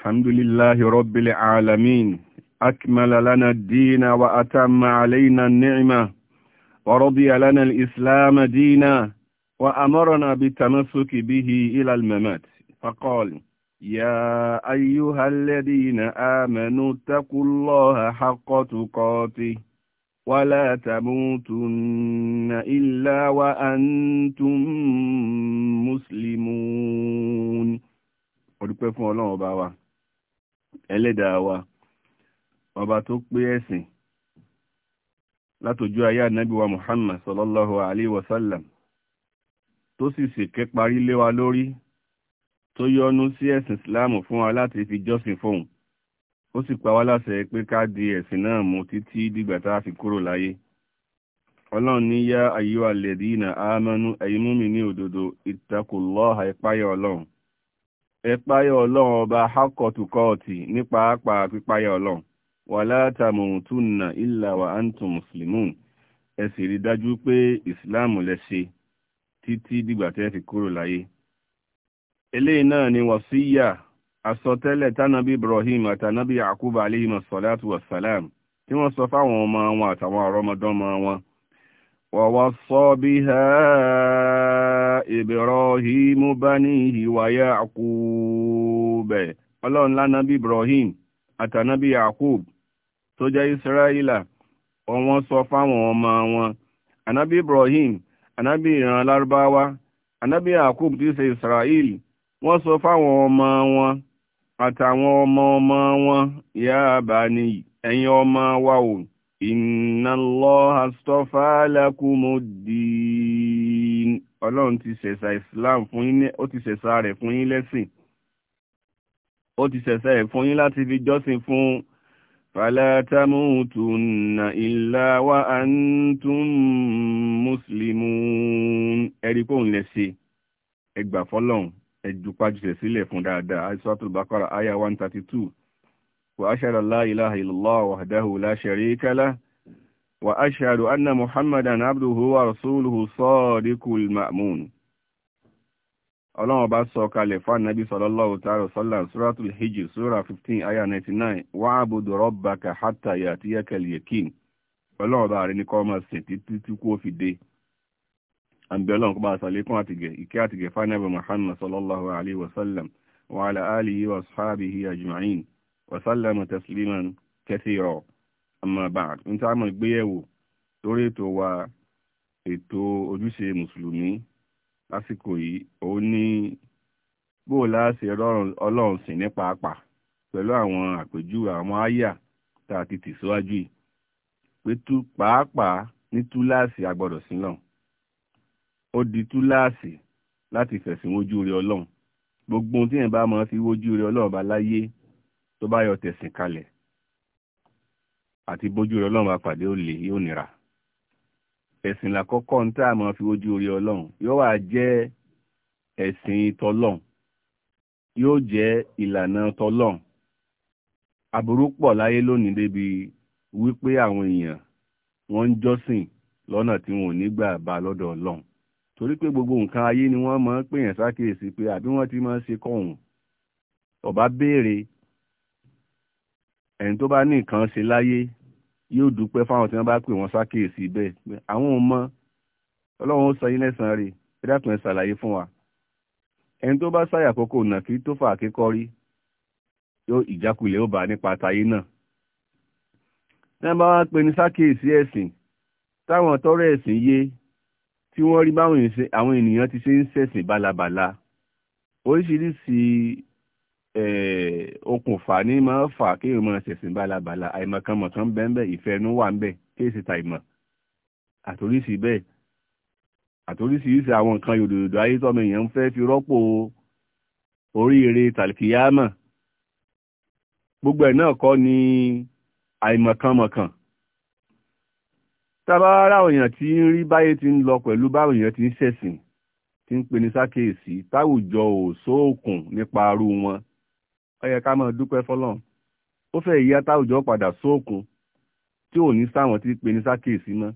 الحمد لله رب العالمين أكمل لنا الدين وأتم علينا النعمة ورضي لنا الإسلام دينا وأمرنا بتمسك به إلى الممات فقال يا أيها الذين آمنوا اتقوا الله حق تقاته ولا تموتن إلا وأنتم مسلمون ọdúpẹ́ fún ọlọ́run ẹlẹ́dàá wa ọba tó pé ẹ̀sìn látòjú ayé ànábì wa Muhammad sallallahu alayhi wa sallam tó sì sì ké parí lé wa lórí tó yọ́nú sí ẹ̀sìn Islam fún wa láti fi jọ́sìn fóun ó sì pa wá láṣẹ pé ká di ẹ̀sìn náà mú títí dìgbà tá a fi kúrò láyé ọlọ́run ní yá ayyuhalladhina amanu ẹ̀yin mùmínì ní òdodo ittaqullaha ìpáyà ọlọ́run ẹ̀páyà ọlọ́run ọba hakọ̀tùkọ́ọ̀tì ní pàápàá pípáyà ọlọ́run wà látàmùtúnà ìlà wà antum muslimun ẹ sì rí dájú pé ìsìláàmù lẹ ṣe títí dìgbà tẹ́ fi kúrò láyé eléyìí náà ni wàsíyà àsọtẹ́lẹ̀ tánàbí ibrahim àtànàbí yakubu aleyhim asọ́láàtù wasalam tí wọ́n sọ fáwọn ọmọ wọn àtàwọn ọmọ wọn wà wá sọ bí hẹ́ẹ́ ibrahim banihi wa yaqub ọlọ́run lánàbí ibrahim àtànàbí yaqub tó jẹ́ israẹla wọ́n sọ fáwọn ọmọ wọn anabi ibrahim anabi ìran lárúbáwá anabi yaqub tí ṣe israel wọ́n sọ fáwọn ọmọ wọn àtàwọn ọmọ ọmọ wọn ya bani ẹ̀yin ọmọ wa o inna Allaha astafa lakumud ọlọ́run ti ṣẹ̀ṣà islam fún yín ó ti ṣẹ̀ṣà rẹ̀ fún yín lẹ́sìn ó ti ṣẹ̀ṣà rẹ̀ fún yín láti fi jọ́sìn fún falatamutunna illa wa antum muslimun ẹ̀rí pòun lẹ̀ ṣe ẹgbà fọlọ́run ẹ̀dùpájùṣẹ̀ sílẹ̀ fún dáadáa Suratul Baqara aya one thirty two wa ashhadu an la ilaha وأشهد أن محمدا عبده ورسوله صادق المأمون ọlọ́run ọba sọ kalẹ̀ fún anabi sallallahu ta'ala sallam suratul hijj sura 15 aya 99 wa'budu rabbaka hatta ya'tiyaka al-yakin ọlọ́run ọba rẹ̀ ní kọ́ ọmọ sìn títí tí kò fi dé àbí ọlọ́run kó bá sàlékún àtìgẹ̀ ìkẹ́ àtìgẹ̀ fanabi muhammad sallallahu alayhi wa sallam wa ala alihi wa ashabihi ajma'in wa sallama tasliman kathira àmọ́ bàd ń tá mọ̀ gbé yẹ̀wò lórí ètò wa ètò ojúṣe mùsùlùmí lásìkò yìí òun ní bóò láàṣẹ ọlọ́run sìn ní pàápàá pẹ̀lú àwọn àpèjúwe àwọn àyà tá a ti tì síwájú yìí pé tú pàápàá ní túláàsì agbọ́dọ̀ sílọ̀ ó di túláàsì láti fẹ̀sìn wojú rẹ ọlọ́run gbogbo ohun tí yẹn bá mọ̀ sí wojú rẹ ọlọ́run bá láyé tó bá yọ tẹ̀sìn kalẹ̀ àti bójú rẹ ọlọ́run apàdé ó lè yóò nira ẹ̀sìn làkọ́kọ́ ń tá a máa fi ojú orí ọlọ́run yóò wá jẹ́ ẹ̀sìn tọlọ́run yóò jẹ́ ìlànà tọlọ́run aburú pọ̀ láyé lónìí débi wípé àwọn èèyàn wọ́n ń jọ́sìn lọ́nà tí wọn ò ní gbà bá lọ́dọ̀ ọlọ́run torí pé gbogbo nǹkan ayé ni wọ́n máa ń pèèyàn sákèèsí pé àbí wọ́n ti máa ń ṣe kọ̀hún ọba béèrè ẹni tó bá ní nǹkan ṣe láyé yóò dúpẹ́ fáwọn tí wọ́n bá pè wọ́n sákèésí bẹ́ẹ̀ pé àwọn ò mọ ọlọ́run ó sọ yín lẹ́sàn-án rè é dákun ẹ̀ ṣàlàyé fún wa ẹni tó bá sáyà àkókò nà kí tó fà kíkọ́rí yóò ìjákulẹ̀ ó bá nípa tayé náà tí wọ́n bá wá pe ní sákèésí ẹ̀sìn táwọn tọ́rọ̀ ẹ̀sìn yé tí wọ́n rí báwọn ènìyàn ti ṣe ń ṣẹ̀sìn bálabàla oríṣiríṣi Eh, okùnfà ní máa fà kí èèyàn máa ṣẹ̀sìn bálabàla àìmọ̀kanmọ̀ kan bẹ́ẹ̀ ìfẹ́ inú wà ń bẹ̀ kí èsì ta ìmọ̀ àtòrísì bẹ́ẹ̀ àtòrísìírísìí àwọn nǹkan yòdòdò ayé tọ́mọ èèyàn ń fẹ́ fi rọ́pò oríire tàlìkìyámà gbogbo ẹ̀ náà kọ́ ni àìmọ̀kanmọ̀kan tábàárà èèyàn tí ń rí báyé ti ń lọ pẹ̀lú báwọn èèyàn ti ń ṣẹ̀sìn tí ń pè ní sákèèsí táwùjọ ò sóòkùn nípa arú wọn ó yẹ ká máa dúpẹ́ o ó fẹ́ yí ata padà sóòkun tí ò ní sáwọn tí pe ní sákèsí mọ́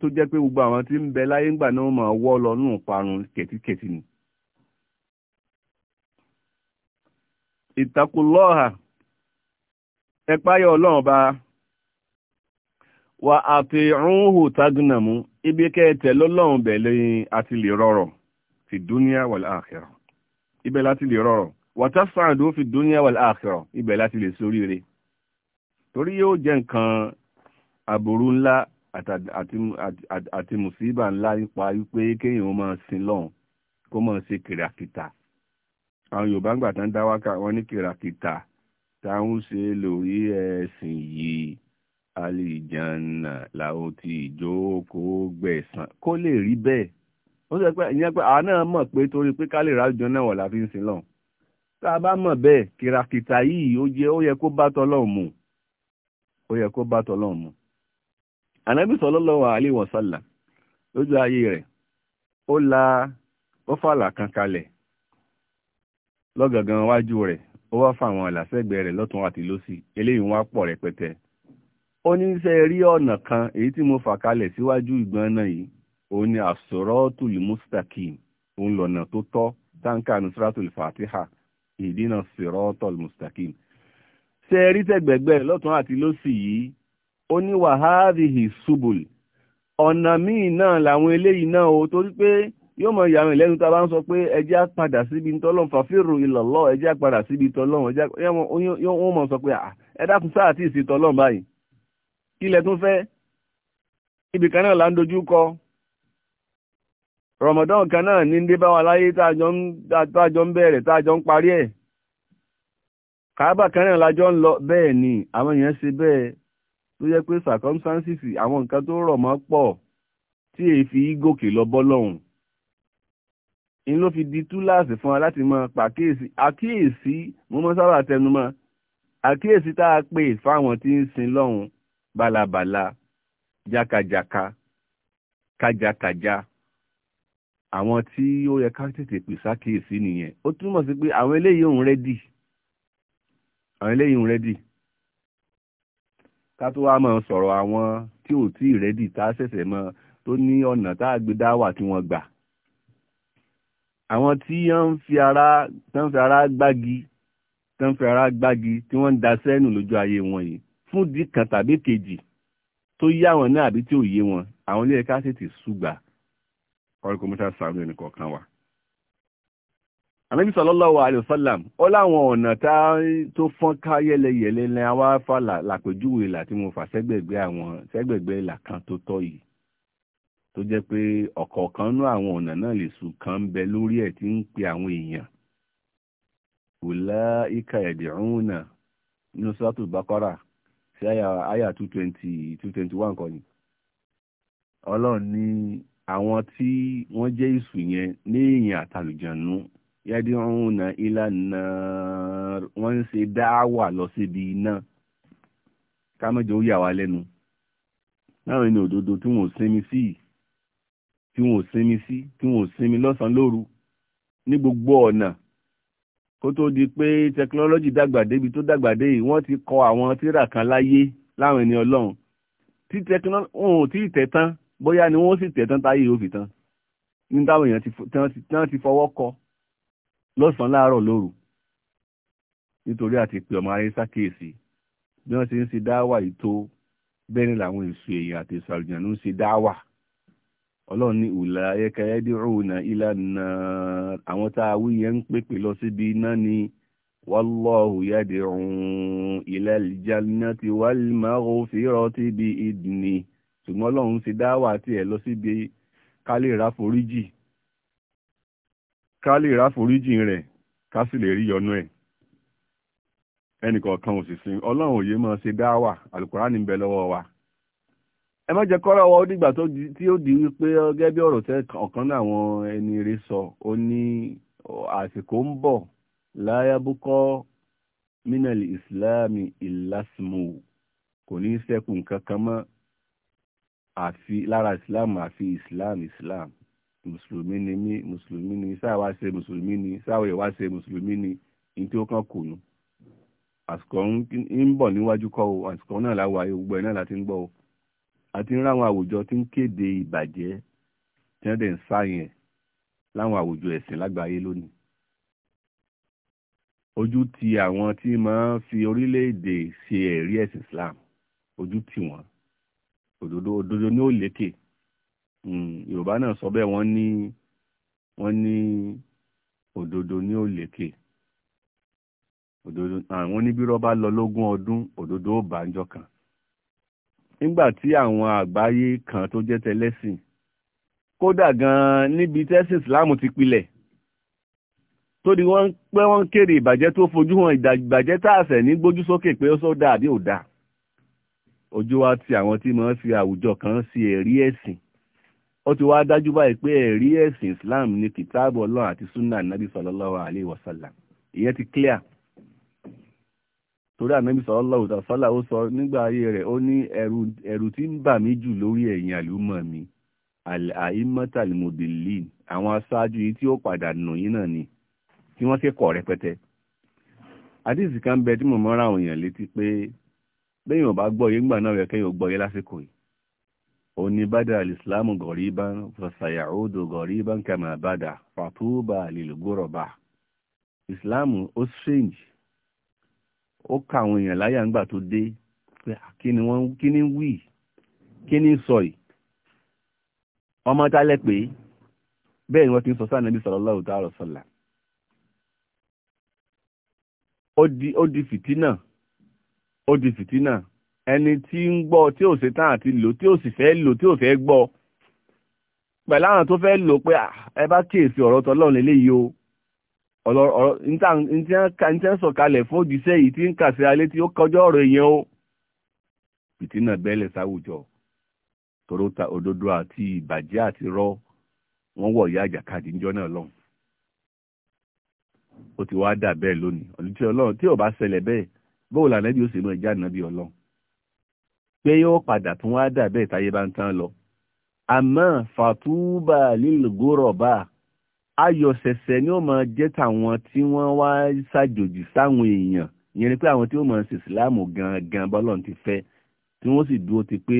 tó jẹ́ pé gbogbo àwọn tí ń bẹ láyé ńgbà náà máa wọ́ lọ nù parun kẹ̀tíkẹ̀tì ni. ìtakùlọ́ọ̀hà ẹ̀páyọ̀ ọlọ́run bá wà àti rúnhù ibi kẹ́ẹ̀tẹ̀ lọ́lọ́run bẹ̀ lẹ́yìn àti lè rọrọ̀ fi dúníà ibẹ̀ láti lè rọrọ̀ wàtàfàǹdó fi dunya wal akhirah ibẹ̀ láti lè soríire torí yóò jẹ́ nǹkan àbòrú ńlá àti mùsíbà ńlá nípa wípé kéèyàn máa sin lọ́hùn kó máa ṣe kìràkìtà àwọn yorùbá ń gbà tán dá wákà wọn ní kìràkìtà táwọn ṣe lórí ẹ̀sìn yìí alìjànà làwọn ti ìjókòó gbẹ̀sán kó lè rí bẹ́ẹ̀ ó sọ pé ìyẹn pé àwa náà mọ̀ pé torí pé ká lè rájọ náà wọ̀ la ń sin lọ́hùn tá a bá mọ̀ bẹ́ẹ̀ kìràkìtà yìí ó jẹ́ ó yẹ kó bá mu ó yẹ kó bá tọ́lọ́run mu ànábì sallallahu alaihi wasallam lójú ayé rẹ̀ ó la ó fàlà kan kalẹ̀ lọ́gàngàn wájú rẹ̀ ó wá fàwọn àlàsẹ́gbẹ̀ẹ́ rẹ̀ lọ́tún àti lọ́sì eléyìí wọ́n pọ̀ rẹpẹtẹ ó ní rí ọ̀nà kan èyí tí mo fà kalẹ̀ síwájú ìgbọ́n náà yìí òun ni àsọ̀rọ̀ tùlùmùsítàkì òun tó tọ́ fatiha ìdínà sirotol mustaqim ṣe rí tẹ̀gbẹ̀gbẹ̀ lọ́tún àti lósì yìí ó ní wàhádìhì subul ọ̀nà míì náà làwọn eléyìí náà o torí pé yóò mọ ìyá rìn lẹ́nu tá a bá ń sọ pé ẹjẹ́ á padà síbi tọ́lọ́n fàfírò ìlọ̀lọ́ ẹjẹ́ á padà síbi tọ́lọ́n ẹjẹ́ wọ́n sọ pé ẹ dákun sáà tí ì sí tọ́lọ́n báyìí kí lẹ tún fẹ́ ibì náà là ń dojú kọ Ramadan kan náà ní dé bá wa láyé tájọ ń bẹ̀rẹ̀ tájọ ń parí ẹ̀ kàábà kan náà lájọ ń lọ bẹ́ẹ̀ ni àwọn èèyàn ṣe bẹ́ẹ̀ tó yẹ pé circumstances àwọn nǹkan tó rọ̀ mọ́ pọ̀ tí èyí fi gòkè lọ bọ́lọ́hùn in ló fi di túláàsì fún wa láti mọ pàkíyèsí àkíyèsí mo mọ sábà tẹnumọ́ àkíyèsí tá a pè fáwọn tí ń sin lọ́hùn balabala jákàjàka kájàkàjà. Kaja, kaja àwọn tí ó yẹ ká tètè pè sákèésí nìyẹn ó túmọ̀ sí pé àwọn eléyìí òun rẹ́dì àwọn eléyìí òun rẹ́dì ká tó wá máa sọ̀rọ̀ àwọn tí ò tí ì rẹ́dì tá a ṣẹ̀ṣẹ̀ mọ tó ní ọ̀nà tá a gbé dá wà tí wọ́n gbà àwọn tí wọ́n fi ara tán fi ara gbági tán fi ara gbági tí wọ́n ń da sẹ́nu lójú ayé wọn yìí fún ìdí tàbí kejì tó yá wọn náà àbí tí ò yé wọn àwọn ilé ẹ̀ka tètè ṣùgbà kọ́ríkọ́ mọ́ṣá sàánú ẹnì kọ̀ọ̀kan wa. Ànábì sallallahu alayhi wa sallam ó láwọn ọ̀nà tó fọ́n ká yẹlẹyẹlẹ awa àwa fa ila tí mo fa sẹ́gbẹ̀gbẹ́ àwọn ìlà kan tó tọ́ yìí tó jẹ́ pé ọ̀kọ̀ọ̀kan àwọn ọ̀nà náà lè sùn kan bẹ lórí ẹ̀ pe àwọn èèyàn ulaika yad'una suratul Baqara 220 221 àwọn tí wọ́n jẹ́ ìsù yẹn ní èèyàn àtàlùjànú yẹ́dí ọ̀hún na ìlànà wọ́n ń ṣe dáwà lọ síbi iná ká mọ́jọ ó yà wá lẹ́nu láwọn ẹni òdodo tí wọ́n sinmi sí tí wọ́n sinmi sí tí wọ́n sinmi lọ́sàn-án lóru ní gbogbo ọ̀nà kó tó di pé tẹkinọ́lọ́jì dàgbà débi tó dàgbà dé yìí wọ́n ti kọ àwọn tírà kan láyé láwọn ẹni ọlọ́run tí tẹkinọ́lọ́jì wọn ò tí ì tẹ̀ tán bóyá ni wọ́n sì tẹ̀ tán táyé yóò fi tán ní táwọn èèyàn ti fọwọ́ kọ lọ́sàn-án láàárọ̀ lóru nítorí àti pé ọmọ ayé sákèèsí bí wọ́n ti ń ṣe dáwà ìtó bẹ́ẹ̀ ni làwọn èso èèyàn àti èso ló ń ṣe dáwà ọlọ́run ní ìwòlà ayẹ́kẹ́yẹ́ dìrúnà ìlànà àwọn tá a wí ń pèpè lọ síbi iná ni wallahu yad'u ila al-jannati wal maghfirati bi idnihi ṣùgbọ́n ọlọ́run ti dá wà tiẹ̀ lọ síbi ká lè rẹ̀ yọnú ẹ̀ ẹnìkọ̀ọ̀kan òṣìṣin ọlọ́run òye máa ṣe dá wà ní wa ẹ má jẹ́ kọ́rọ̀ wọ dìgbà tí ó di wípé gẹ́gẹ́ bí ọ̀rọ̀ sọ ó ní àsìkò ń bọ̀ láyábùkọ́ ìlàsìmù kò ní àfi lára islam àfi islam islam mùsùlùmí ni mí mùsùlùmí ni sáà wá ṣe mùsùlùmí ni sáà wá ṣe mùsùlùmí ni ní tí ó kàn kùnú àsìkò ń bọ̀ níwájú kọ́ o àsìkò náà láwọ ayé gbogbo ẹ̀ náà láti ń gbọ́ o àti ń ráwọn àwùjọ tí ń kéde ìbàjẹ́ tí wọ́n dẹ̀ ń sáyẹn láwọn àwùjọ ẹ̀sìn lágbàáyé lónìí ojú ti àwọn tí máa ń fi orílẹ̀-èdè ṣe ẹ̀rí ẹ̀sìn Islam ojú ti wọ́n òdodo òdodo ní òlékè hmm, yorùbá náà sọ bẹ́ẹ̀ wọ́n ní wọ́n ní òdodo ní òlékè òdodo àwọn ní bí rọ́bà lọ lógún ọdún òdodo ó bá ń jọ kan nígbà tí àwọn àgbáyé kan tó jẹ́ tẹlẹ́sìn kódà gan-an níbi tẹ́sìn ìsìláàmù ti pilẹ̀ tó di wọ́n pé wọ́n kéré ìbàjẹ́ tó fojú hàn ìbàjẹ́ tá a ṣẹ̀ ní gbójú sókè pé ó sọ dáa àbí ò dáa ojú wa ti àwọn tí máa ń fi àwùjọ kan sí ẹ̀rí ẹ̀sìn ó ti wá dájú báyìí pé ẹ̀rí ẹ̀sìn Islam ni kìtáàbù ọlọ́run àti sunna nabi sallallahu alayhi wa sallam ti clear torí ànábì sallallahu alayhi sallam ó sọ nígbà ayé rẹ̀ ó ní ẹ̀rù tí ń bà mí jù lórí ẹ̀yìn àlùmọ̀ mi al-a'immatal mudillin àwọn aṣáájú yìí tí ó padà nù yín náà ni tí wọ́n kẹ́kọ̀ọ́ rẹpẹtẹ àdìsí kan bẹ tí mo mọ́ra àwọn létí pé lẹ́yìn ọba gbọ́yé ńgbà náà rẹ̀ kẹ́yìn gbọ́yé lásìkò yìí ó ní bada alìsílámù gọ̀ríban fọ̀sàyàódò gọ̀ríban kàmà bada fàtúbà lìlúgọ́rọ̀bà ìsìláàmù ó strange ó ka àwọn èèyàn láyà ńgbà tó dé pé kí ni wọ́n kí ni wí kí ni sọ yìí ọmọ tálẹ̀ pé bẹ́ẹ̀ ni ó di eni ẹni tí ń gbọ́ tí ò ṣe àti lò tí ò sì fẹ́ lò tí ò fẹ́ gbọ́ pẹ̀lú àwọn tó fẹ́ lò pé ẹ bá kíyèsí ọ̀rọ̀ tọ́lọ́run eléyìí o ọ̀rọ̀ ìtẹ́ sọ̀kalẹ̀ fún òjíṣẹ́ yìí tí ń kà sí alé tí ó kọjọ́ o fìtínà bẹ́lẹ̀ sáwùjọ tòró ta òdodo àti ìbàjẹ́ àti rọ́ wọ́n wọ̀ ìyá àjàkadì ti lónìí ọ̀lùjẹ́ ọlọ́run tí ò bá ṣẹlẹ̀ bẹ́ẹ̀ bóò là nẹ́bí ó sì máa jẹ́ ànábì ọlọ́run pé yóò padà tún wá dà bẹ́ẹ̀ táyé bá ń tán lọ àmọ́ fàtúbà lílgòrọ̀bà ayọ̀sẹ̀sẹ̀ ni ó máa jẹ́ tàwọn tí wọ́n wá ṣàjòjì sáwọn èèyàn ìyẹn ni pé àwọn tí ó máa ṣe ìsìláàmù gangan bọ́lọ̀ ti fẹ́ tí wọ́n sì dúró ti pé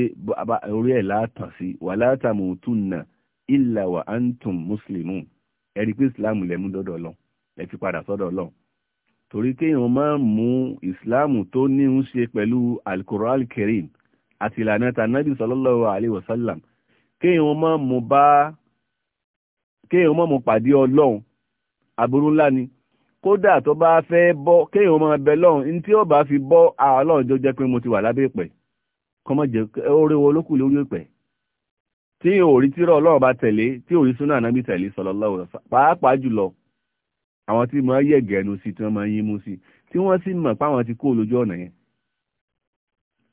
orí ẹ̀ láàtàn sí wà látàmú túnà ìlà wà antum muslimun ẹ̀rí pé ìsìláàmù lẹ́mú dọ́dọ̀ lọ lẹ́fi padà sọ́dọ̀ Ọlọ́run torí kéèyàn máa mú ìsìláàmù tó ní ń ṣe pẹ̀lú alquran kerim àti ìlànà tànàbí sallallahu alaihi wasallam kéèyàn máa mú bá kéèyàn máa mú pàdé ọlọ́run aburú ńlá ni kódà tó bá fẹ́ bọ́ kéèyàn máa bẹ lọ́run ní tí ó bá fi bọ́ ọlọ́run jọ jẹ́ pé mo ti wà lábẹ́ ìpẹ́ kọ́mọ́ orí wo lókù lórí ìpẹ́ tí ò rí ọlọ́run bá tẹ̀lé tí ò rí súnà ànábì tẹ̀lé sallallahu alaihi wasallam pàápàá jùlọ àwọn tí máa yẹ̀gẹ̀nu sí tí wọ́n máa yín mú sí tí wọ́n sì mọ̀ páwọn ti kó lójú ọ̀nà yẹn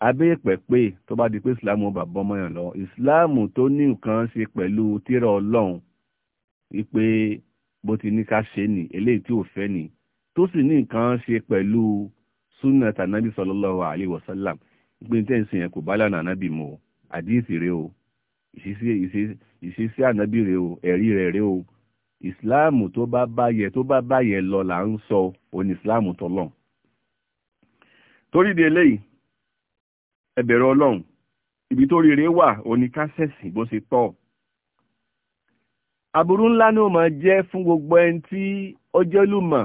abẹ́ ìpẹ́ pé tó bá di pé ìsìláàmù ọba bọ́mọ yàn lọ ìsìláàmù tó ní nǹkan ṣe pẹ̀lú tírà ọlọ́run wípé bó ti ní ká ṣe ni eléyìí tí ò fẹ́ ni tó sì ní nǹkan ṣe pẹ̀lú súnà tànàbí sallallahu alaihi wasallam pé ní tẹ́ǹsì yẹn kò bá lànà ànábì mu o àdíìsì rẹ o ìṣesí ànábì rẹ o ẹ̀rí rẹ rẹ o ìsìláàmù tó bá báyẹ tó bá báyẹ lọ là ń sọ òun ìsìláàmù tọlọ́n torí de eléyìí ẹ bẹ̀rù ọlọ́run ibi tó rere wà òní ká ṣẹ̀sìn bó ṣe tọ́ aburú ńlá ni ó máa jẹ́ fún gbogbo ẹni tí ó jẹ́ lùmọ̀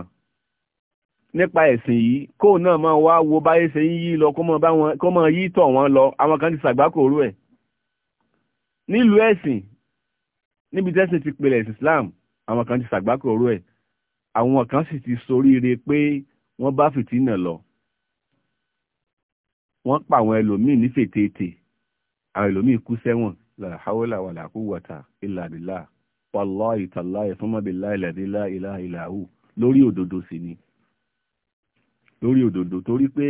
nípa ẹ̀sìn yìí kóun náà máa wá wo báyé ṣe ń yí lọ kó máa yí tọ̀ wọ́n lọ àwọn kan ti ṣàgbákòrò ẹ̀ nílùú ẹ̀sìn níbi tẹ́sìn ti pèlè Islam àwọn kan ti ṣàgbákò orú ẹ̀ àwọn kan sì ti soríire pé wọ́n bá fìtínà lọ wọ́n pa àwọn ẹlòmíì ní fètètè àwọn ẹlòmíì kú sẹ́wọ̀n làhàwọ́là wà làkúwọ̀tà ìlàdìlà wàlọ́ ìtàlá ìfúnmọ́bìlá ìlàdìlà ìlà ìlàhù lórí òdodo sì ni lórí òdodo torí pé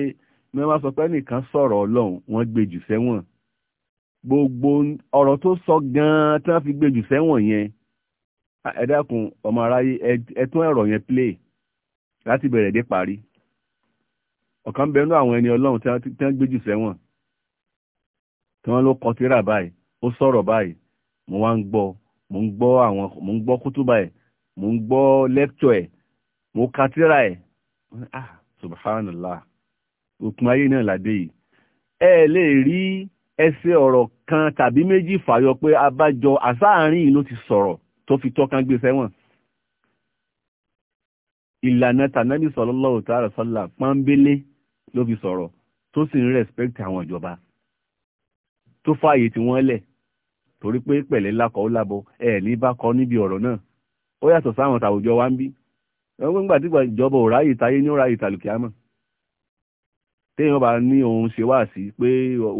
ní wọ́n bá sọ pé nìkan sọ̀rọ̀ ọlọ́run wọ́n gbé jù sẹ́wọ̀n gbogbo ọ̀rọ̀ tó sọ gan-an tí wọ́n fi gbé jù sẹ́wọ̀n yẹn Ah, ẹ dákun ọmọ aráyé ẹ tún ẹ̀rọ yẹn play láti bẹ̀rẹ̀ dé parí ọ̀kan bẹnu àwọn ẹni ọlọ́run tí wọ́n gbé jù sẹ́wọ̀n tí wọ́n ló kọ tírà báyìí ó sọ̀rọ̀ báyìí mo wá ń gbọ́ mo ń gbọ́ àwọn mo ń gbọ́ kútúbà ẹ̀ mo ń gbọ́ lẹ́kítọ̀ ẹ̀ mo ka tírà ẹ̀ ah subhanallah òpin ayé náà làdé yìí ẹ lè rí ẹsẹ̀ ọ̀rọ̀ kan tàbí méjì fàyọ pé abájọ àsáàárín yìí ti sọ̀rọ̀ tó fi tọ́kàn gbé sẹ́wọ̀n ìlànà tànàbí sallallahu ta'ala sọ́là pọ́nbélé ló fi sọ̀rọ̀ tó sì ń rẹ̀spẹ́kì àwọn ìjọba tó fààyè tí wọ́n lẹ̀ torí pé pẹ̀lẹ́ lákọ̀ ó lábọ̀ ẹ̀ ní bá kọ́ níbi ọ̀rọ̀ náà ó yàtọ̀ sáwọn tàwùjọ wa ń bí ẹgbẹ́ ńgbà tí ìjọba ò ráyè táyé ní ó ráyè tàlùkì àmọ́ téèyàn bá ní òun ṣe wá sí pé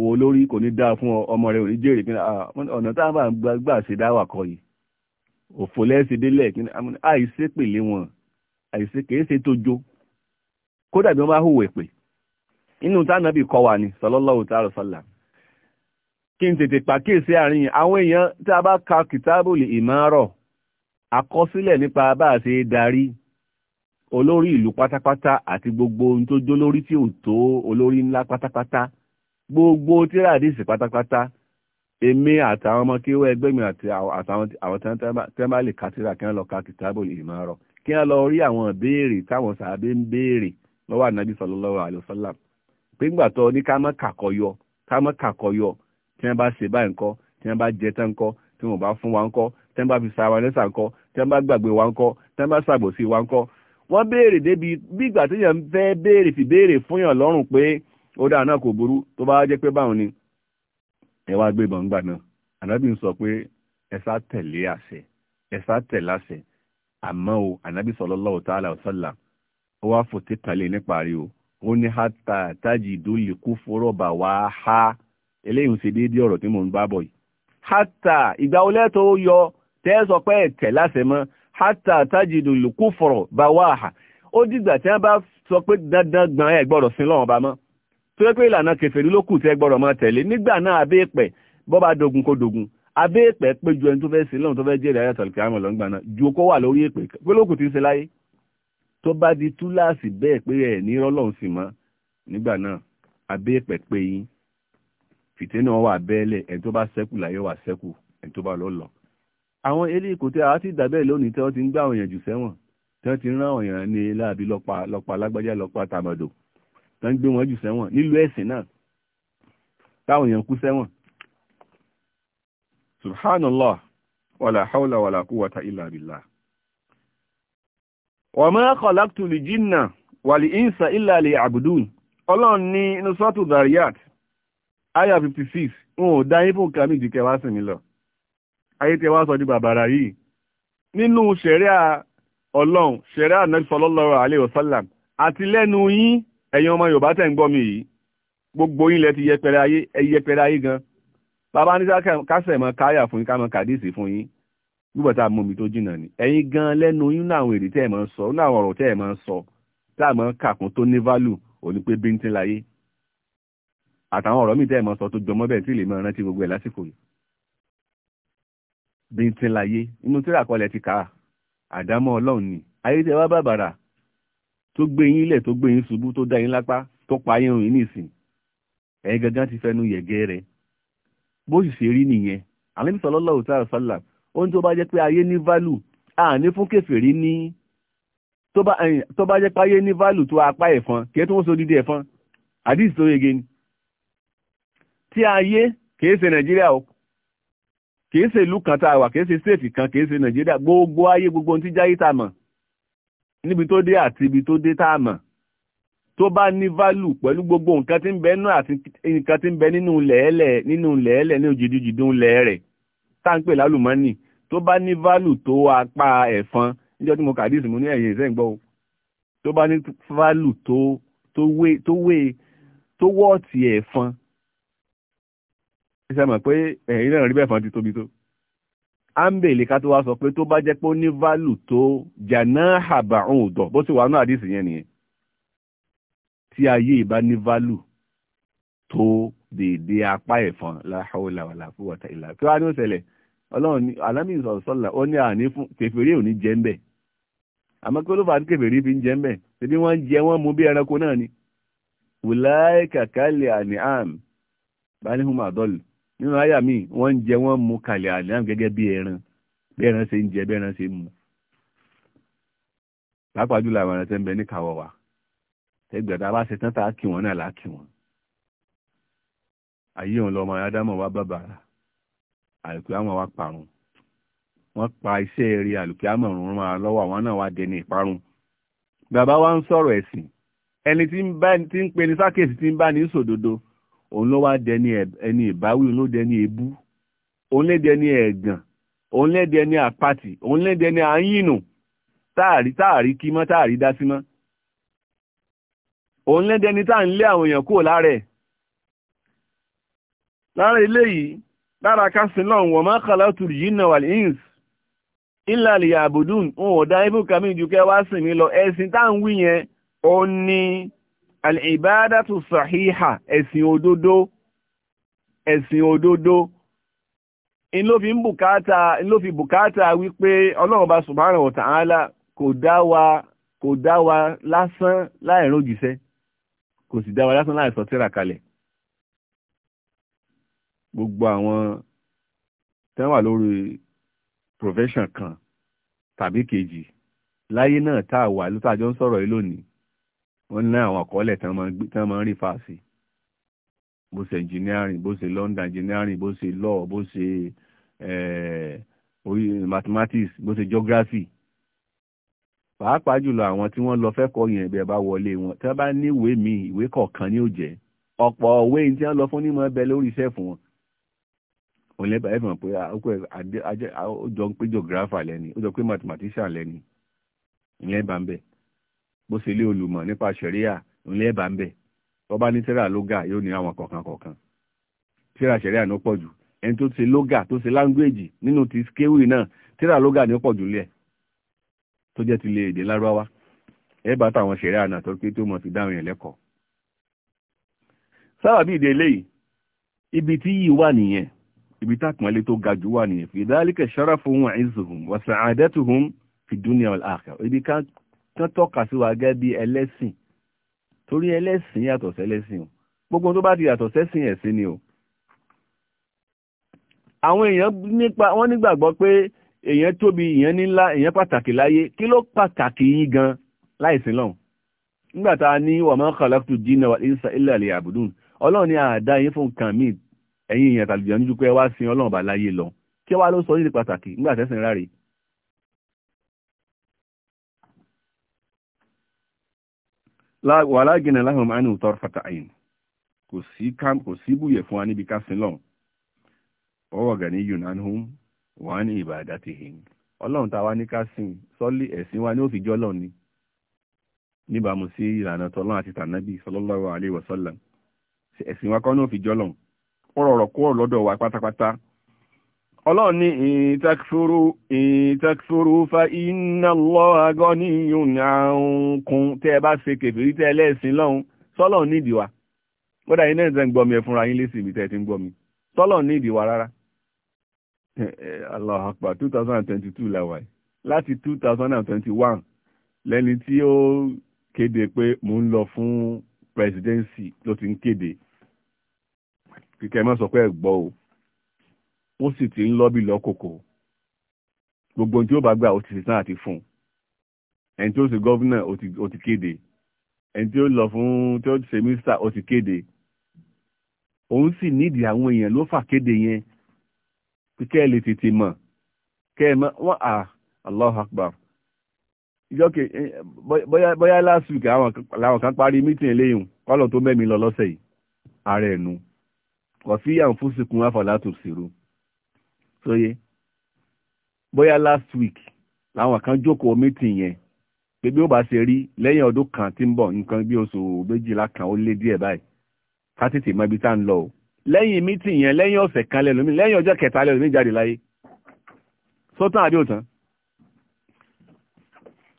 olórí kò ní dáa fún ọmọ rẹ ò ní jèrè ọ̀nà táwọn bá gbà ṣe dáwà kọ yìí òfò lẹ́sẹ̀ délẹ̀ wọn àìsè kìí kódà bí wọ́n bá hùwẹ̀ pè inú tánàbì kọ́ wa ni sallallahu ta'ala sallam kí n tètè pàkíyèsí àárín àwọn èèyàn tí a bá ka kìtábùlì ìmárọ̀ àkọsílẹ̀ nípa bá a ṣe darí olórí ìlú pátápátá gbogbo ohun tó jólórí tí ò tó olórí ńlá pátápátá gbogbo tíradìsì pátápátá èmi àtàwọn ọmọ kí ó ẹgbẹ́ mi àti àwọn tí wọ́n bá lè ka tírà kí wọ́n lọ ka Kitabul Imara kí wọ́n lọ rí àwọn béèrè táwọn sàábé ń béèrè lọ́wọ́ ànábì sallallahu alaihi wasallam pé ńgbà tó ní ká má kàkọyọ ká má kàkọyọ tí wọ́n bá ṣe báyìí ńkọ́ tí wọ́n bá jẹ tán ńkọ́ tí wọ́n bá fún wa ńkọ́ tí wọ́n bá fi sa wa lẹ́sà ńkọ́ tí wọ́n bá gbàgbé wa ńkọ́ tí wọ́n bá ṣàgbòsí wa ńkọ́ wọ́n béèrè débi bí ìgbà tí yẹn fẹ́ béèrè fi béèrè fún yàn lọ́rùn pé ó dáa náà kò burú tó bá jẹ́ pé báwọn ni ẹ wá gbébọn ńgbà náà ànábì ń sọ pé ẹ sá tẹ̀lé àṣẹ ẹ sá tẹ̀lé àṣẹ àmọ́ o ànábì sallallahu ta'ala wa sallam ó wá fò títàlẹ̀ níparí o ó ní hátà tájì ìdólè kú fọ́rọ̀bà wá ha eléyìí ṣe déédéé ọ̀rọ̀ tí mò ń bá bọ̀ yìí hátà ìgbà olẹ́ tó yọ tẹ́ sọ pé ẹ̀tẹ̀ láṣẹ mọ́ hátà tájì ìdólè kú fọ̀rọ̀ bá wá ha ó dìgbà tí wọ́n bá sọ pé dandan gbọ́n ẹ̀ gbọ́dọ̀ sin lọ́wọ́n ba mọ́ tó yẹ pé ìlànà kẹfẹ́rí ló kù tẹ́ gbọ́dọ̀ máa tẹ̀lé nígbà náà abẹ́ ìpẹ́ dogun kó dogun abẹ́ ìpẹ́ pé ju ẹni tó fẹ́ sí lọ́run tó fẹ́ jẹ́rìí ayatollah kìámọ̀ lọ́ngbà náà ju kó wà lórí ìpẹ́ pé ló kù ti ń ṣe láyé tó bá di túláàsì bẹ́ẹ̀ pé ẹ̀ ní rọ́lọ́run sì mọ́ nígbà náà abẹ́ ìpẹ́ pé yín fìtẹ́ náà wà bẹ́ẹ̀lẹ̀ ẹni tó bá sẹ́kù láyé wà sẹ́kù ẹni tó bá lọ lọ. àwọn eléyìí kò tẹ àwa ti dàbẹ́ lónìí tí wọ́n ti ń gbá àwọn èèyàn jù sẹ́wọ̀n tí wọ́n ti ń rán àwọn èèyàn ní láàbí lọ́pa lọ́pa lágbájá lọ́pa tàmọ̀dò tó ń gbé wọn jù sẹ́wọ̀n nílùú ẹ̀sìn náà táwọn èèyàn kú sẹ́wọ̀n subhanallah wàlà haúlà wàlà quwwata illa billah wa ma khalaqtu lil jinna wal insa illa liya'budun ọlọ́run ní inú sọ́tù dariyat aya 56 wọn ò dá yín fún kàmí jù kẹwàá sí mi lọ ayé tẹwàá sọ di bàbàrà yìí nínú ṣẹ̀ríà ọlọ́run ṣẹ̀ríà nabi sallallahu alaihi wasallam àti lẹ́nu yín ẹ̀yin ọmọ yorùbá tẹ̀ ń gbọ́ mi yìí gbogbo yín lẹ ti yẹpẹrẹ ayé ẹ yẹpẹrẹ ayé gan bàbá ní kásẹ̀ mọ káyà fún yín ká mọ kàdíìsì fún yín nígbà tá a mú omi tó jìnnà ni ẹ̀yin gan lẹ́nu yín náà àwọn èrè tẹ́ ẹ̀ máa ń sọ náà àwọn ọ̀rọ̀ tẹ́ ẹ̀ máa ń sọ tá a máa ń kàkún tó ní value òní pé bíntín láyé àtàwọn ọ̀rọ̀ míì tẹ́ ẹ̀ máa sọ tó jọmọ́ bẹ́ẹ̀ tí lè máa rántí gbogbo ẹ̀ lásìkò yìí bíntín láyé inú tíra kọlẹ̀ ti kà á àdámọ́ ọlọ́run ni ayé tẹ wá bàbàrà tó gbé yín lẹ̀ tó gbé yín ṣubú tó dá yín lápá tó pa yín rìn nísìn ẹ̀yin gangan ti fẹnu yẹ̀gẹ́ rẹ̀ bó sì ṣe rí nìyẹn àlẹ́bí sallallahu ta'ala sallam ohun tó bá jẹ́ pé ayé ní válù àní fún kèfèrí ní tó bá jẹ́ pé ayé ní válù tó apá ẹ̀fọn kí ẹ tó wọ́n so dídí ẹ̀fọn àdìsí tó yege ni tí ayé kìí ṣe nàìjíríà o kìí ṣe ìlú kan tá a wà kìí ṣe stéètì kan kìí ṣe nàìjíríà gbogbo ayé gbogbo ohun tí jáyé tá a mọ̀ níbi tó dé àti ibi tó dé tá a mọ̀ tó bá ní válù pẹ̀lú gbogbo nǹkan tí ń bẹ nínú àti nǹkan tí ń bẹ nínú lẹ́ẹ̀lẹ̀ nínú lẹ́ẹ̀lẹ̀ ní òjìdíjìdún lẹ́ẹ̀rẹ̀ tá à ń pè lálùmọ́nì tó bá ní válù tó apá ẹ̀fọn níjọ́ tí mo kà díìsì mo ní ẹ̀yìn ìṣẹ́ ìgbọ́ tó bá ní válù tó wé tó wọ́ọ̀tì ẹ̀fọn ṣe mọ̀ pé ẹ̀yìn náà rí bẹ́ẹ̀ fọn ti tóbi tó ámbèlè ká tó wá sọ pé tó bá jẹ́ pé ó ní válù tó jàná àbà òun ò dọ̀ bó ti wà náà àdìsí yẹn nìyẹn tí ayé ìbá ní válù tó dèédé apá ẹ̀fọn láhàólà wà láfúwọ̀tà ìlà kí wàá ní òṣẹlẹ̀ ọlọ́run ní alámì sọ̀sọ́là ó ní àní fún kẹfẹ́rí ò jẹ́ ń bẹ̀ àmọ́ kí ló ní kẹfẹ́rí fi ń jẹ́ ń bẹ̀ ṣebí wọ́n ń wọ́n mu bí ẹranko náà ni wùláì kàkálẹ̀ àní àm nínú àyà mi wọ́n ń jẹ wọ́n mu kàlẹ̀ àdínàm gẹ́gẹ́ bí ẹran bí ṣe ń jẹ bí ṣe ń mu pàápàá jùlọ àwọn ẹran tẹ́ ń bẹ ní kàwọ́ wa tẹ́gbẹ̀dá bá ṣe tán tá a kì wọ́n náà láà kì wọ́n ayé òun lọ́mọ adámọ̀ wa bàbàrà àlùkò àwọn wa parun wọ́n pa iṣẹ́ eré àlùkò àmọ̀ rún wa lọ́wọ́ àwọn náà wá dẹni ìparun bàbá wa ń sọ̀rọ̀ ẹ̀sìn ẹni tí ń pe ni sákèsì tí ń bá ní sòdodo òun ló wá dẹni ẹni ìbáwí òun ló dẹni ebú òun lè dẹni ẹ̀gàn òun lè dẹni àpatì òun lè dẹni àyínù táàrí táàrí kí mọ́ táàrí dá sí mọ́ òun lè dẹni táà ń lé àwọn èèyàn kúrò lára ẹ̀ lára ilé yìí lára kásìn lọ́n wọ̀n máa kàlá tù yìí náà wà níyìns ilẹ̀ àlìyà àbùdùn òun ọ̀dá ibùkà mi jù kẹ́ wá sìn mí lọ ẹ̀sìn táà ń wí yẹn ó ní al-ibadatu sahiha ẹ̀sìn òdodo ẹ̀sìn òdodo in ló fi bùkátà in ló fi bùkátà wípé ọlọ́run bá subhanahu wa ta'ala kò dá wa kò dá wa lásán láìrún òjíṣẹ́ kò sì dá wa lásán láìsọ tírà kalẹ̀ gbogbo àwọn tí lórí profession kan tàbí kejì láyé náà tá wà ló tàjọ ń wọ́n ní àwọn àkọọ́lẹ̀ tán máa ń rí fàásì bó ṣe engineering bó ṣe London engineering bó ṣe law bó ṣe eh, mathematics bó ṣe geography pàápàá jùlọ àwọn tí wọ́n lọ fẹ́ kọ́ yẹn bẹ́ẹ̀ bá wọlé wọn tí wọ́n bá ní ìwé mi ìwé kọ̀ọ̀kan ni ó jẹ́ ọ̀pọ̀ òwe tí wọ́n lọ fún ní máa bẹ lórí iṣẹ́ fún wọn òun lẹ́bàá ẹ̀fọn pé ó jọ pé geographer lẹ́ni ó jọ pé mathematician lẹ́ni ìyẹn bá ń bẹ̀ bó ṣe lé olùmọ̀ nípa ṣẹ̀ríà ńlẹ́ ẹ̀bà ń bẹ̀ tọ́ba ní tíra lógà yóò ní àwọn kọ̀ọ̀kan kọ̀ọ̀kan tíra ṣẹ̀ríà ní ó pọ̀ jù ẹni tó ṣe lógà tó ṣe láńgbèjì nínú ti skéwì náà tíra lógà ní ó pọ̀ jù lẹ̀ tó jẹ́ ti lè èdè lárúbáwá ẹ̀bà táwọn ṣẹ̀ríà náà tó pé tó mọ̀ ti dáhùn yẹn lẹ́kọ̀ọ́ sábàbí ìdè eléyìí ibi tí yìí wà nìyẹn ibi tá àpọ́nlé tó ga jù wà nìyẹn fìdálíkẹ̀ ṣarafuhum wa izzuhum wa sa'adatuhum fi dunya wal akhirah ibi tán tọ́ka sí wa gẹ́gẹ́ bí ẹlẹ́sìn torí ẹlẹ́sìn yàtọ̀ sẹ́lẹ́sìn o gbogbo tó bá ti yàtọ̀ sẹ́sìn ẹ̀sìn ni o àwọn èèyàn nípa wọ́n nígbàgbọ́ pé èèyàn tóbi èèyàn nílá èèyàn pàtàkì láyé kí ló pàtàkì yín gan láìsí lọ́hùn nígbà tá a ní wàmọ́ kàlákùtù jìnnà wà ìsà ilẹ̀ àlè àbùdùn ọlọ́run ní àdá yín fún nǹkan míì ẹ̀yin èèyàn tàbí ìjọ níjú pé wá sin wà lágìnà láhùn máa ń tọrọ fata àyìn kò sí kam kò sí búyẹ̀ fún wa níbi ká sin lọ́n ọwọ́ gani yun náà hùn wà ní ìbàdà ti hìn ọlọ́run tá a wá ní ká sin sọ́lé ẹ̀sìn wa ní ó jọ́ lọ́n ni níbàámu sí ìlànà tọ́lọ́n àti tànábì sallallahu alaihi wasallam ẹ̀sìn wa kọ́ ní ó jọ́ lọ́n ọ̀rọ̀ ọ̀rọ̀ kúrò lọ́dọ̀ wa pátápátá ọlọ́run ní ìtakfúrú ìtakfúrú fa iná lọ agọ́ ní yùnàkùn tẹ́ ẹ bá ṣe kèfèrí tẹ́ ẹlẹ́sìn lọ́hun sọ́lọ̀ nídìí wa kódà iná ẹ̀sẹ̀ ń gbọ́mi ẹ̀ fúnra yín lé sí tẹ́ ti ń gbọ́mi sọ́lọ̀ nídìí rárá Allah 2022 làwà láti 2021 lẹ́ni tí ó kéde pé mò ń lọ fún presidency ló ti ń kéde kíkẹ́ mọ́ sọ pé ẹ̀ o ó sì ti ń lọ́bì lọ́kòkò gbogbo tí ó bá gbà ó ti ṣetán àti fún ẹni tí ó ṣe gọ́vnà ó ti kéde ẹni tí ó lọ fún tí ó ṣe mínísítà ó ti kéde òun sì nídìí àwọn èèyàn ló fà kéde yẹn kẹ́ ẹ lè tètè mọ̀ kẹ́ ẹ mọ̀ wọ́n à Allahu Akbar ìjọ ke bóyá bóyá last week làwọn kan parí mítìn eléyìí kọ́lọ̀ tó mẹ́mi lọ lọ́sẹ̀ yìí ààrẹ ẹ̀nu kò sí àǹfóṣìkun àfàlà tó ṣèrò sóyè bóyá last week làwọn kan jókòó meeting yẹn pé bí ó bá ṣe rí lẹ́yìn ọdún kan tí ń bọ̀ nǹkan bí oṣù méjìlá kan ó lé díẹ̀ báyìí ká tètè mọ ibi tá ń lọ o lẹ́yìn meeting yẹn lẹ́yìn ọ̀sẹ̀ kan lẹ́lòmí lẹ́yìn ọjọ́ kẹta lẹ́lòmí jáde láyé sótán àbí òtán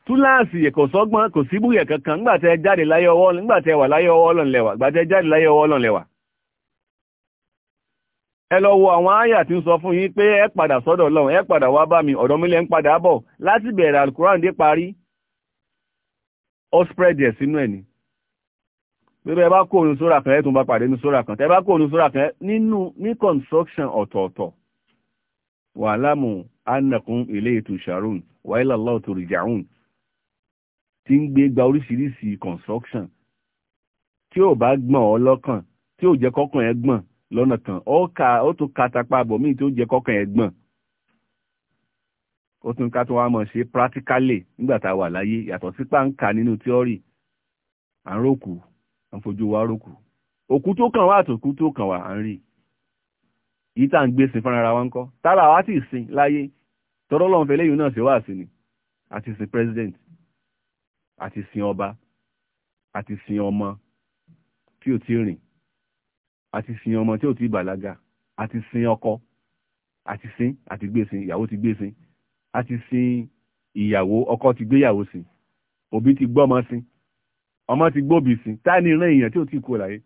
túláàsì kò sọ́gbọ́n kò síbúyẹ̀ kankan ńgbà tẹ jáde láyé ọwọ́ ńgbà tẹ wà láyé ọwọ́ ọlọ́nlẹ̀wà ńgbà tẹ jáde láyé ọwọ́ ọlọ́nlẹ̀wà ẹ lọ wo àwọn àyà tí ń sọ fún yín pé ẹ padà sọ́dọ̀ Ọlọ́run ẹ padà wá bá mi ọ̀dọ̀ mi lẹ́ ń padà bọ̀ láti bẹ̀rẹ̀ alukuran dé parí ó spread ẹ̀ sínú ẹ̀ ni bẹ́ẹ̀ ẹ bá kó òun sóra kan ẹ̀ tó bá pàdé ní sóra kan tẹ́ bá kó òun sóra kan nínú ní construction ọ̀tọ̀ọ̀tọ̀ wà lámù anakun ilé ètò sharon wàhálà lọ́ọ̀tò rìjàún ti ń gbé gba oríṣiríṣi construction tí ò bá gbọ̀n ọ lọ́kàn tí ò jẹ́ kọ́kàn ẹ gbọ̀n lọ́nà kan ó ka ó tún ka tapá àbọ̀ míì tó jẹ́ kọ́kàn ẹ̀gbọ́n ó tún ká tó wá mọ̀ ṣe practically nígbà tá a wà láyé yàtọ̀ sí pàǹkà nínú tíọ́rì à ń rókù à ń fojú wa rókù òkú tó kàn wá àtòkú tó kàn wá à ń rí yìí tá à ń gbé sin fúnra wa ń kọ́ tára wa ti sin láyé tọ́rọ́ lọ́n fẹ́ lẹ́yìn náà ṣe wá sí ni àti sin president àti sin ọba àti sin ọmọ tí ò ti rìn àti sin ọmọ tí ò ti bàlágà àti sin ọkọ àti sin àti gbé sin ìyàwó ti gbé sin àti sin ìyàwó ọkọ ti gbéyàwó sin òbí ti gbọ́mọ sin ọmọ ti gbóbi sin táà ní ìran èèyàn tí ò ti kú láyé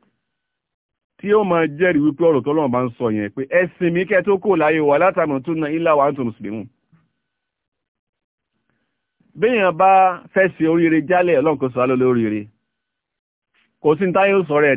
tí ó máa jẹ́rìí wípé ọ̀rọ̀ tọ́lọ́run bá ń sọ yẹn pé ẹ̀sìn mi kẹ́ tó kò láyé wà látàmì tó na ilá wa ń tó mùsùlùmí. béèyàn bá fẹ́ ṣe oríire jálẹ̀ ọlọ́run kò sọ á kò sí ní táyé ó sọ̀rọ̀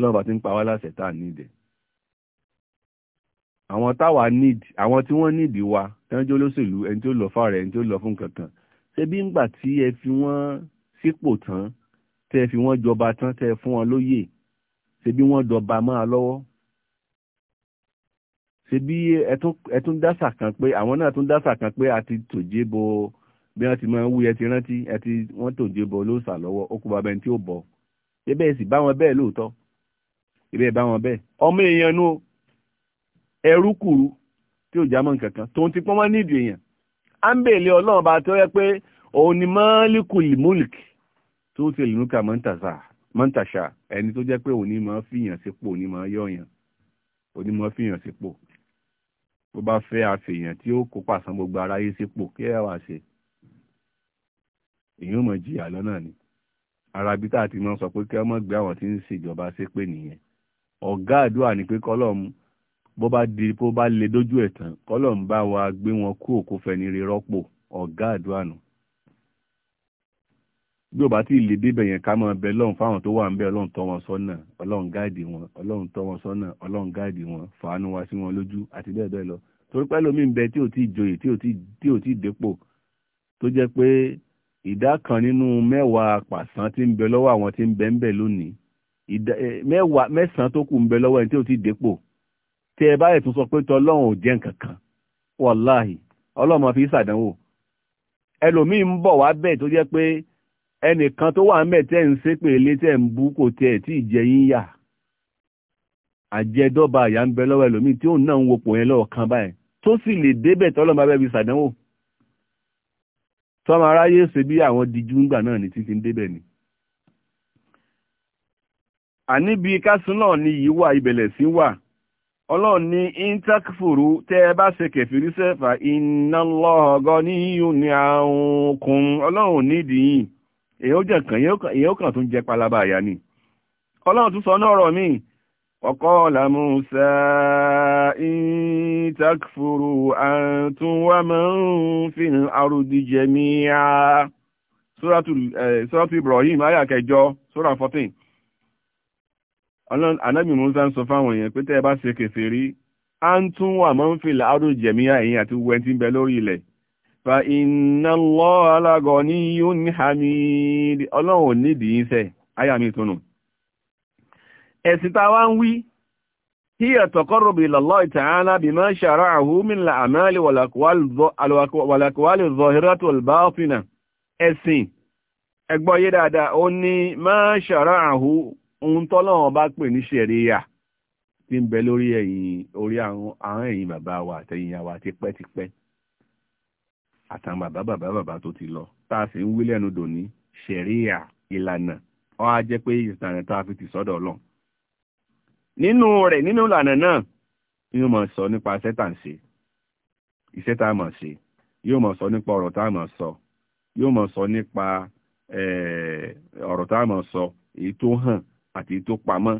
tọ́lọ́wọ́ bá ti ń pa wá láṣẹ tá à nídẹ̀ àwọn táwa need àwọn tí wọ́n need wa ẹni tí ó lóṣèlú ẹni tí ó lọ fáre ẹni tí ó lọ fún kankan ṣé bí ńgbà tí ẹ fi wọ́n sípò tán tẹ́ ẹ fi wọ́n jọba tán tẹ́ ẹ fún wọn lóyè ṣé bí wọ́n dọba máa lọ́wọ́ ṣe bí ẹtún dásà kan pé àwọn náà tún dásà kan pé a ti tòjé bo bí wọ́n ti máa ń wú ẹ ti rántí ẹ ti wọ́n tòjé bo lóòsà lọ́wọ́ ó kú bàbá ẹni tí ó bọ̀ ṣé bẹ́ẹ̀ sì bá bẹ́ẹ̀ lóòótọ́ ìbẹ̀ bá wọn bẹ́ẹ̀ ọmọ èèyàn nú ẹrú kùrú tí ò jámọ́ nǹkankan tòun ti pọ́n wọ́n nídìí èèyàn à ń bèèlè ọlọ́run bá tó yẹ pé òun ni mọ́líkùlì múlìk tó ti lè núkà mọ́ntàṣà ẹni tó jẹ́ pé òun ni mọ́ fìyàn sípò òun ni mọ́ yọ̀yàn òun ni mọ́ fìyàn sípò bó bá fẹ́ àfihàn tí ó kópa san gbogbo aráyé sípò kí ẹ wá ṣe èyí ò mọ̀ jìyà lọ́nà ni ara ti mọ̀ sọ pé kí ọmọ gbé àwọn tí ń ṣèjọba ṣépè nìyẹn ọ̀gá àdúrà ni pé kọ́lọ́mù bó bá di bó bá le dójú ẹ̀ tán bá wa gbé wọn kú òkú fẹni rí rọ́pò ọ̀gá àdúrà nù bí o bá ti lè débẹ̀ yẹn ká máa bẹ lọ́run fáwọn tó wà ń bẹ ọlọ́run tọ́ wọn sọ́nà ọlọ́run gáàdì wọn ọlọ́run tọ́ wọn sọ́nà ọlọ́run gáàdì wọn fàánú wa sí wọn lójú àti bẹ́ẹ̀ bẹ́ẹ̀ lọ torí pẹ́ lómi ń bẹ tí ò tí joyè tí ò tí tí ò tí dépò tó jẹ́ pé ìdá kan nínú mẹ́wàá pàṣán tí ń bẹ lọ́wọ́ àwọn tí ń bẹ ń bẹ lónìí mẹ́wàá mẹ́sàn-án tó kù ń bẹ lọ́wọ́ ẹni tí ó ti dépò tí ẹ báyẹ̀ tún sọ pé tọlọ́run ò jẹ́ nǹkan kan wàláhì ọlọ́run máa fi ṣàdánwò ẹlòmíín ń bọ̀ wá bẹ́ẹ̀ tó jẹ́ pé ẹnìkan tó wà ń bẹ̀ tẹ́ ń ṣépè ilé tẹ́ ń bú kò tiẹ̀ tí ì jẹ yín yà àjẹdọ́ba àyà ń bẹ lọ́wọ́ ẹlòmíín tí òun náà ń wopò yẹn lọ́wọ́ kan báyẹn tó sì lè débẹ̀ àníbi kásùn náà ni yìí wà ìbẹ̀lẹ̀ sí wà ọlọ́run ní intakfuru tẹ́ bá ṣe kẹfìrí iná lọ́gọ́ ní yíyún ní ọlọ́run nídìí yìí èyàn jẹ́ kàn tún jẹ palaba àyà ni ọlọ́run tún sọ náà ọ̀rọ̀ míì 14 anábì musa ń sọ fáwọn èèyàn pé tẹ́ ẹ bá ṣe kèfèrí a ń tún wà mọ́ ń fi làárò jẹ̀míyà ẹ̀yìn àti wẹ́n tí ń bẹ lórí ilẹ̀ fa inna Allaha laghaniyun hamid ọlọ́run ò nídìí iṣẹ́ ayà mi tunu ẹ̀sìn tá a wá ń wí hiya taqarrubu ila Allah ta'ala bima shara'ahu min al-a'mali wal ohun tọ́lọ́wọ́n bá pè ní ṣẹ̀ríyà tí ń bẹ lórí ẹ̀yìn orí àwọn ẹ̀yìn bàbá wa àtẹ̀yìn àwa tipẹ́tipẹ́ àtàwọn bàbá bàbá bàbá tó ti lọ tá a sì ń wí lẹ́nu dòní ṣẹ̀ríyà ìlànà ó á jẹ́ pé ìlànà tá a fi ti sọ́dọ̀ Ọlọ́run nínú rẹ̀ nínú ìlànà náà yóò mọ̀ sọ nípa iṣẹ́ tá ń ṣe iṣẹ́ tá a àti tó pamọ́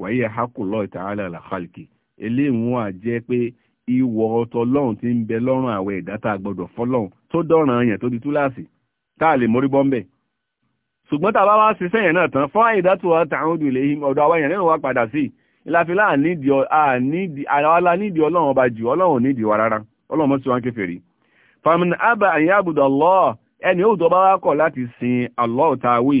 wàyí àhákùlọ́ ìtàhálà làkàlìkì eléwọ̀n à jẹ́ pé ìwọ̀ ọ̀tọ̀ lọ́hùn ti ń bẹ lọ́rùn àwẹ̀ ẹ̀dá tá a gbọ́dọ̀ fọ́lọ́hùn tó dọ̀ràn yẹn tó di túláàsì tá a lè mórí bọ́ ń bẹ̀. ṣùgbọ́n tá a bá wá ṣe sẹ́yìn náà tán fún àyèdá tó wá tàwọn odò ìlẹ́yìn ọ̀dọ̀ àwọn èèyàn nínú wa padà sí ìlàfíà àníìdí ọlọ́run ọba jù ọlọ́run nídìí wa rárá ọlọ́run mọ́ sí wọn kèfèrí. famin abba àyàbùdọ̀ lọ́ọ̀ ẹni Allah tàwí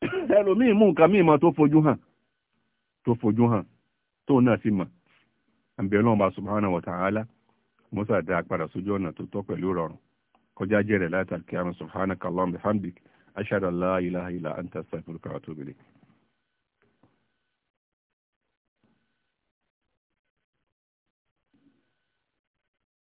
ẹlòmíì mú nǹkan míì mọ tó fojú hàn tó fojú hàn tóun náà sì mọ̀ àbí ọlọ́run bá subhanahu wa ta'ala musa dá a padà sójú ọ̀nà tó tọ́ pẹ̀lú rọrùn kọjá jẹ́rẹ̀ látàkì àrùn subhanaka allahumma bihamdik ashhadu an la ilaha illa anta astaghfiruka wa atubu